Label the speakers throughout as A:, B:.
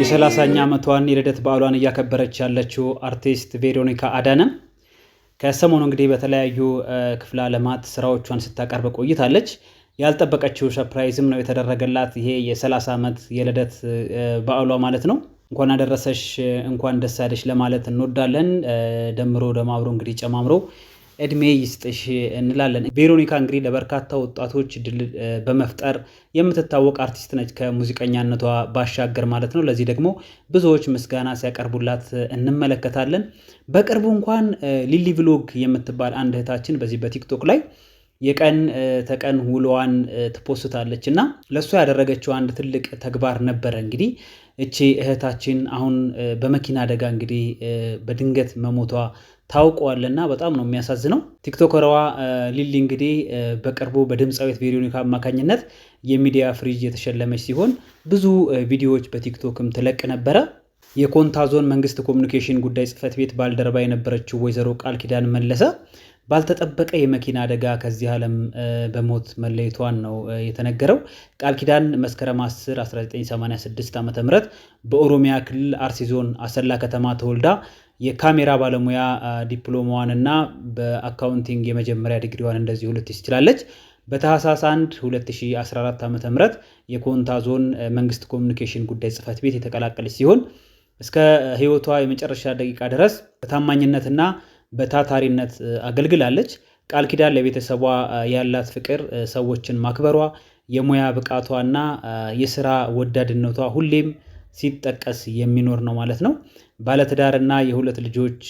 A: የሰላሳኛ ዓመቷን የልደት በዓሏን እያከበረች ያለችው አርቲስት ቬሮኒካ አዳነ ከሰሞኑ እንግዲህ በተለያዩ ክፍለ ዓለማት ስራዎቿን ስታቀርብ ቆይታለች። ያልጠበቀችው ሰርፕራይዝም ነው የተደረገላት። ይሄ የ ዓመት የልደት በዓሏ ማለት ነው። እንኳን አደረሰሽ እንኳን ደስ ያለሽ ለማለት እንወዳለን። ደምሮ ደማብሮ እንግዲህ ጨማምሮ እድሜ ይስጥሽ እንላለን። ቬሮኒካ እንግዲህ ለበርካታ ወጣቶች ድል በመፍጠር የምትታወቅ አርቲስት ነች፣ ከሙዚቀኛነቷ ባሻገር ማለት ነው። ለዚህ ደግሞ ብዙዎች ምስጋና ሲያቀርቡላት እንመለከታለን። በቅርቡ እንኳን ሊሊ ቪሎግ የምትባል አንድ እህታችን በዚህ በቲክቶክ ላይ የቀን ተቀን ውሎዋን ትፖስታለች እና ለእሷ ያደረገችው አንድ ትልቅ ተግባር ነበረ። እንግዲህ እቺ እህታችን አሁን በመኪና አደጋ እንግዲህ በድንገት መሞቷ ታውቀዋልና በጣም ነው የሚያሳዝነው። ቲክቶከሯ ሊሊ እንግዲህ በቅርቡ በድምፃዊት ቬሮኒካ አማካኝነት የሚዲያ ፍሪጅ የተሸለመች ሲሆን ብዙ ቪዲዮዎች በቲክቶክም ትለቅ ነበረ። የኮንታ ዞን መንግስት ኮሚኒኬሽን ጉዳይ ጽህፈት ቤት ባልደረባ የነበረችው ወይዘሮ ቃል ኪዳን መለሰ ባልተጠበቀ የመኪና አደጋ ከዚህ ዓለም በሞት መለየቷን ነው የተነገረው። ቃል ኪዳን መስከረም 10 1986 ዓ ም በኦሮሚያ ክልል አርሲ ዞን አሰላ ከተማ ተወልዳ የካሜራ ባለሙያ ዲፕሎማዋን እና በአካውንቲንግ የመጀመሪያ ዲግሪዋን እንደዚሁ ልትይዝ ትችላለች። በታህሳስ 1 2014 ዓ ም የኮንታ ዞን መንግስት ኮሚኒኬሽን ጉዳይ ጽህፈት ቤት የተቀላቀለች ሲሆን እስከ ህይወቷ የመጨረሻ ደቂቃ ድረስ በታማኝነትና በታታሪነት አገልግላለች። ቃል ኪዳን ለቤተሰቧ ያላት ፍቅር፣ ሰዎችን ማክበሯ፣ የሙያ ብቃቷና የስራ ወዳድነቷ ሁሌም ሲጠቀስ የሚኖር ነው ማለት ነው። ባለትዳርና የሁለት ልጆች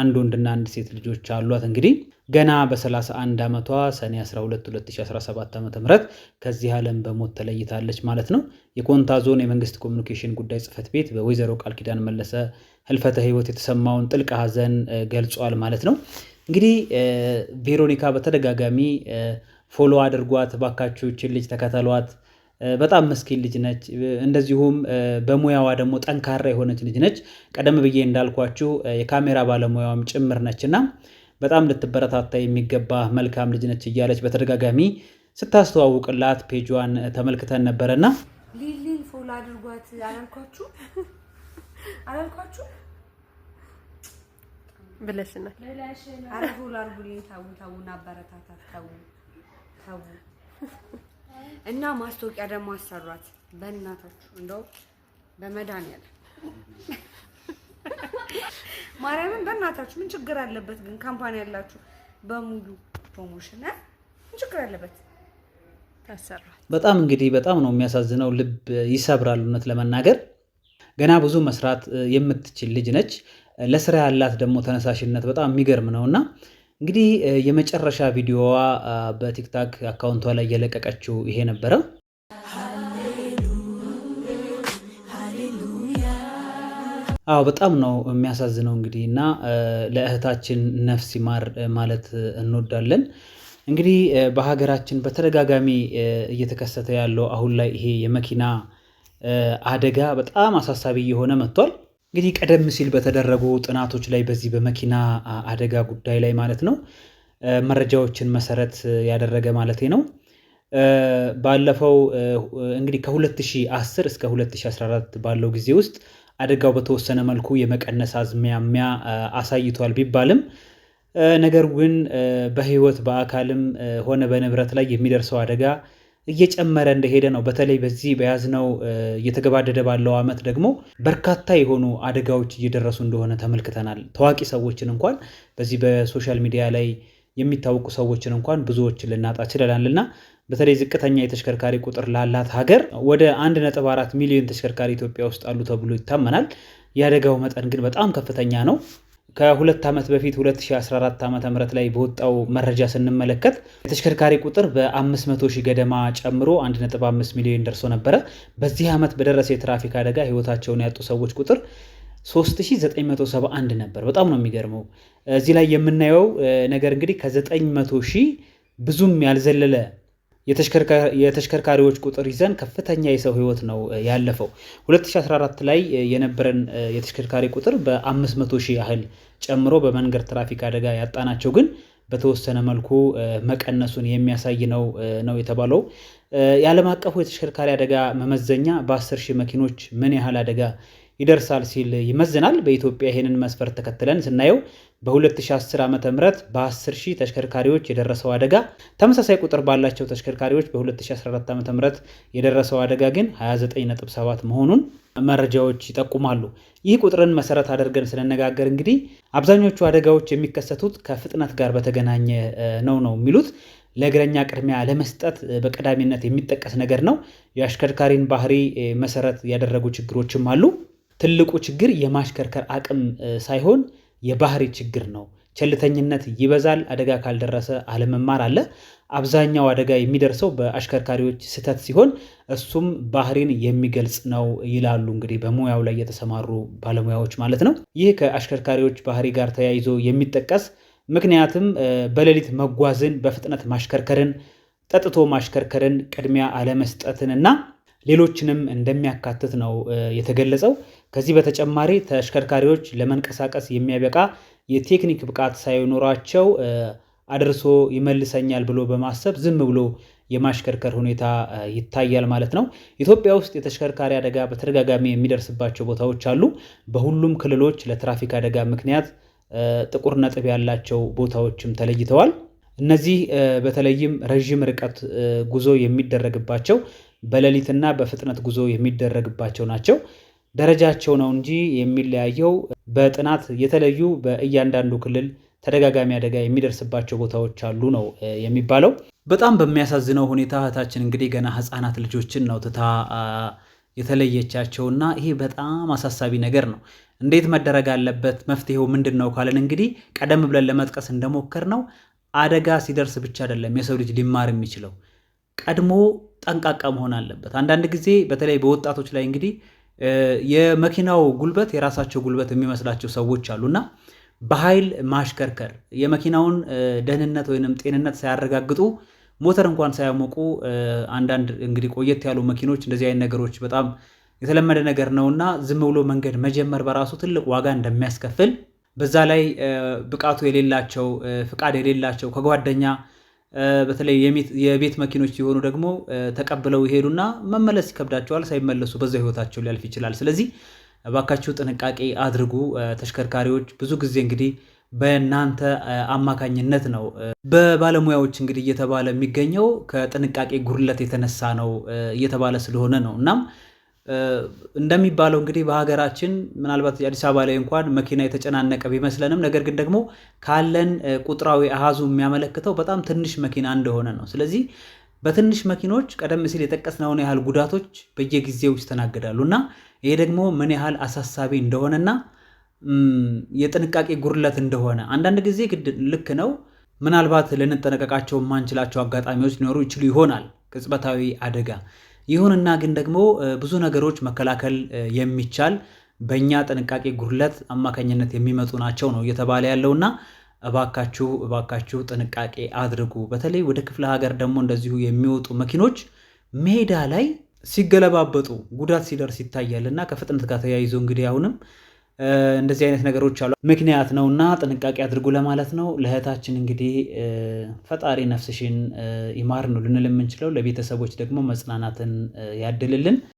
A: አንድ ወንድና አንድ ሴት ልጆች አሏት። እንግዲህ ገና በ31 ዓመቷ ሰኔ 12 2017 ዓ ም ከዚህ ዓለም በሞት ተለይታለች ማለት ነው። የኮንታ ዞን የመንግስት ኮሚኒኬሽን ጉዳይ ጽህፈት ቤት በወይዘሮ ቃል ኪዳን መለሰ ህልፈተ ህይወት የተሰማውን ጥልቅ ሐዘን ገልጿል ማለት ነው። እንግዲህ ቬሮኒካ በተደጋጋሚ ፎሎ አድርጓት፣ ባካቾችን ልጅ ተከተሏት በጣም መስኪን ልጅ ነች። እንደዚሁም በሙያዋ ደግሞ ጠንካራ የሆነች ልጅ ነች። ቀደም ብዬ እንዳልኳችሁ የካሜራ ባለሙያዋም ጭምር ነች እና በጣም ልትበረታታ የሚገባ መልካም ልጅ ነች እያለች በተደጋጋሚ ስታስተዋውቅላት ፔጇን ተመልክተን ነበረ እና
B: ሊሊን ፎሎ አድርጓት አላልኳችሁ አላልኳችሁ ብለሽናል። ፎሎ አድርጉልኝ። ተው ተው፣ ተው ተው እና ማስታወቂያ ደግሞ አሰሯት። በእናታችሁ እንደው በመድኃኒዓለም ማርያምን በእናታችሁ ምን ችግር አለበት? ግን ካምፓኒ ያላችሁ በሙሉ ፕሮሞሽን ምን ችግር አለበት?
A: በጣም እንግዲህ በጣም ነው የሚያሳዝነው። ልብ ይሰብራል። እውነት ለመናገር ገና ብዙ መስራት የምትችል ልጅ ነች። ለስራ ያላት ደግሞ ተነሳሽነት በጣም የሚገርም ነው እና እንግዲህ የመጨረሻ ቪዲዮዋ በቲክታክ አካውንቷ ላይ እየለቀቀችው ይሄ ነበረ። አዎ በጣም ነው የሚያሳዝነው። እንግዲህ እና ለእህታችን ነፍስ ይማር ማለት እንወዳለን። እንግዲህ በሀገራችን በተደጋጋሚ እየተከሰተ ያለው አሁን ላይ ይሄ የመኪና አደጋ በጣም አሳሳቢ እየሆነ መጥቷል። እንግዲህ ቀደም ሲል በተደረጉ ጥናቶች ላይ በዚህ በመኪና አደጋ ጉዳይ ላይ ማለት ነው መረጃዎችን መሰረት ያደረገ ማለት ነው ባለፈው እንግዲህ ከ2010 እስከ 2014 ባለው ጊዜ ውስጥ አደጋው በተወሰነ መልኩ የመቀነስ አዝማሚያ አሳይቷል ቢባልም ነገር ግን በህይወት በአካልም ሆነ በንብረት ላይ የሚደርሰው አደጋ እየጨመረ እንደሄደ ነው። በተለይ በዚህ በያዝነው እየተገባደደ ባለው ዓመት ደግሞ በርካታ የሆኑ አደጋዎች እየደረሱ እንደሆነ ተመልክተናል። ታዋቂ ሰዎችን እንኳን በዚህ በሶሻል ሚዲያ ላይ የሚታወቁ ሰዎችን እንኳን ብዙዎችን ልናጣ ችለናል እና በተለይ ዝቅተኛ የተሽከርካሪ ቁጥር ላላት ሀገር ወደ 1.4 ሚሊዮን ተሽከርካሪ ኢትዮጵያ ውስጥ አሉ ተብሎ ይታመናል። የአደጋው መጠን ግን በጣም ከፍተኛ ነው። ከሁለት ዓመት በፊት 2014 ዓ ም ላይ በወጣው መረጃ ስንመለከት የተሽከርካሪ ቁጥር በ500 ሺህ ገደማ ጨምሮ 1.5 ሚሊዮን ደርሶ ነበረ። በዚህ ዓመት በደረሰ የትራፊክ አደጋ ህይወታቸውን ያጡ ሰዎች ቁጥር 3971 ነበር። በጣም ነው የሚገርመው። እዚህ ላይ የምናየው ነገር እንግዲህ ከ900 ሺህ ብዙም ያልዘለለ የተሽከርካሪዎች ቁጥር ይዘን ከፍተኛ የሰው ህይወት ነው ያለፈው። 2014 ላይ የነበረን የተሽከርካሪ ቁጥር በ500 ሺህ ያህል ጨምሮ በመንገድ ትራፊክ አደጋ ያጣናቸው ግን በተወሰነ መልኩ መቀነሱን የሚያሳይ ነው ነው የተባለው። የዓለም አቀፉ የተሽከርካሪ አደጋ መመዘኛ በ10 ሺህ መኪኖች ምን ያህል አደጋ ይደርሳል ሲል ይመዝናል። በኢትዮጵያ ይህንን መስፈርት ተከትለን ስናየው በ2010 ዓ ም በ10 ሺህ ተሽከርካሪዎች የደረሰው አደጋ ተመሳሳይ ቁጥር ባላቸው ተሽከርካሪዎች በ2014 ዓ ም የደረሰው አደጋ ግን 29.7 መሆኑን መረጃዎች ይጠቁማሉ። ይህ ቁጥርን መሰረት አድርገን ስንነጋገር እንግዲህ አብዛኞቹ አደጋዎች የሚከሰቱት ከፍጥነት ጋር በተገናኘ ነው ነው የሚሉት ለእግረኛ ቅድሚያ ለመስጠት በቀዳሚነት የሚጠቀስ ነገር ነው። የአሽከርካሪን ባህሪ መሰረት ያደረጉ ችግሮችም አሉ። ትልቁ ችግር የማሽከርከር አቅም ሳይሆን የባህሪ ችግር ነው። ቸልተኝነት ይበዛል። አደጋ ካልደረሰ አለመማር አለ። አብዛኛው አደጋ የሚደርሰው በአሽከርካሪዎች ስህተት ሲሆን እሱም ባህሪን የሚገልጽ ነው ይላሉ እንግዲህ በሙያው ላይ የተሰማሩ ባለሙያዎች ማለት ነው። ይህ ከአሽከርካሪዎች ባህሪ ጋር ተያይዞ የሚጠቀስ ምክንያትም በሌሊት መጓዝን፣ በፍጥነት ማሽከርከርን፣ ጠጥቶ ማሽከርከርን፣ ቅድሚያ አለመስጠትን እና ሌሎችንም እንደሚያካትት ነው የተገለጸው። ከዚህ በተጨማሪ ተሽከርካሪዎች ለመንቀሳቀስ የሚያበቃ የቴክኒክ ብቃት ሳይኖራቸው አድርሶ ይመልሰኛል ብሎ በማሰብ ዝም ብሎ የማሽከርከር ሁኔታ ይታያል ማለት ነው። ኢትዮጵያ ውስጥ የተሽከርካሪ አደጋ በተደጋጋሚ የሚደርስባቸው ቦታዎች አሉ። በሁሉም ክልሎች ለትራፊክ አደጋ ምክንያት ጥቁር ነጥብ ያላቸው ቦታዎችም ተለይተዋል። እነዚህ በተለይም ረዥም ርቀት ጉዞ የሚደረግባቸው በሌሊትና በፍጥነት ጉዞ የሚደረግባቸው ናቸው። ደረጃቸው ነው እንጂ የሚለያየው በጥናት የተለዩ በእያንዳንዱ ክልል ተደጋጋሚ አደጋ የሚደርስባቸው ቦታዎች አሉ ነው የሚባለው። በጣም በሚያሳዝነው ሁኔታ እህታችን እንግዲህ ገና ህፃናት ልጆችን ነው ትታ የተለየቻቸውና ይሄ በጣም አሳሳቢ ነገር ነው። እንዴት መደረግ አለበት? መፍትሄው ምንድን ነው ካለን እንግዲህ ቀደም ብለን ለመጥቀስ እንደሞከር ነው አደጋ ሲደርስ ብቻ አይደለም የሰው ልጅ ሊማር የሚችለው ቀድሞ ጠንቃቃ መሆን አለበት። አንዳንድ ጊዜ በተለይ በወጣቶች ላይ እንግዲህ የመኪናው ጉልበት የራሳቸው ጉልበት የሚመስላቸው ሰዎች አሉና በኃይል ማሽከርከር የመኪናውን ደህንነት ወይንም ጤንነት ሳያረጋግጡ ሞተር እንኳን ሳያሞቁ አንዳንድ እንግዲህ ቆየት ያሉ መኪኖች እንደዚህ አይነት ነገሮች በጣም የተለመደ ነገር እና ዝም ብሎ መንገድ መጀመር በራሱ ትልቅ ዋጋ እንደሚያስከፍል በዛ ላይ ብቃቱ የሌላቸው ፍቃድ የሌላቸው ከጓደኛ በተለይ የቤት መኪኖች ሲሆኑ ደግሞ ተቀብለው ይሄዱና መመለስ ይከብዳቸዋል። ሳይመለሱ በዛ ህይወታቸው ሊያልፍ ይችላል። ስለዚህ እባካችሁ ጥንቃቄ አድርጉ። ተሽከርካሪዎች ብዙ ጊዜ እንግዲህ በእናንተ አማካኝነት ነው በባለሙያዎች እንግዲህ እየተባለ የሚገኘው ከጥንቃቄ ጉድለት የተነሳ ነው እየተባለ ስለሆነ ነው እናም እንደሚባለው እንግዲህ በሀገራችን ምናልባት አዲስ አበባ ላይ እንኳን መኪና የተጨናነቀ ቢመስለንም ነገር ግን ደግሞ ካለን ቁጥራዊ አሃዙ የሚያመለክተው በጣም ትንሽ መኪና እንደሆነ ነው። ስለዚህ በትንሽ መኪኖች ቀደም ሲል የጠቀስነውን ያህል ጉዳቶች በየጊዜው ይስተናግዳሉ እና ይሄ ደግሞ ምን ያህል አሳሳቢ እንደሆነና የጥንቃቄ ጉድለት እንደሆነ አንዳንድ ጊዜ ልክ ነው። ምናልባት ልንጠነቀቃቸው የማንችላቸው አጋጣሚዎች ሊኖሩ ይችሉ ይሆናል። ቅጽበታዊ አደጋ ይሁንና ግን ደግሞ ብዙ ነገሮች መከላከል የሚቻል በእኛ ጥንቃቄ ጉድለት አማካኝነት የሚመጡ ናቸው ነው እየተባለ ያለውና እባካችሁ እባካችሁ ጥንቃቄ አድርጉ። በተለይ ወደ ክፍለ ሀገር ደግሞ እንደዚሁ የሚወጡ መኪኖች ሜዳ ላይ ሲገለባበጡ ጉዳት ሲደርስ ይታያል እና ከፍጥነት ጋር ተያይዞ እንግዲህ አሁንም እንደዚህ አይነት ነገሮች አሉ ምክንያት ነው እና ጥንቃቄ አድርጉ ለማለት ነው። ለእህታችን እንግዲህ ፈጣሪ ነፍስሽን ይማር ነው ልንል የምንችለው። ለቤተሰቦች ደግሞ መጽናናትን ያድልልን።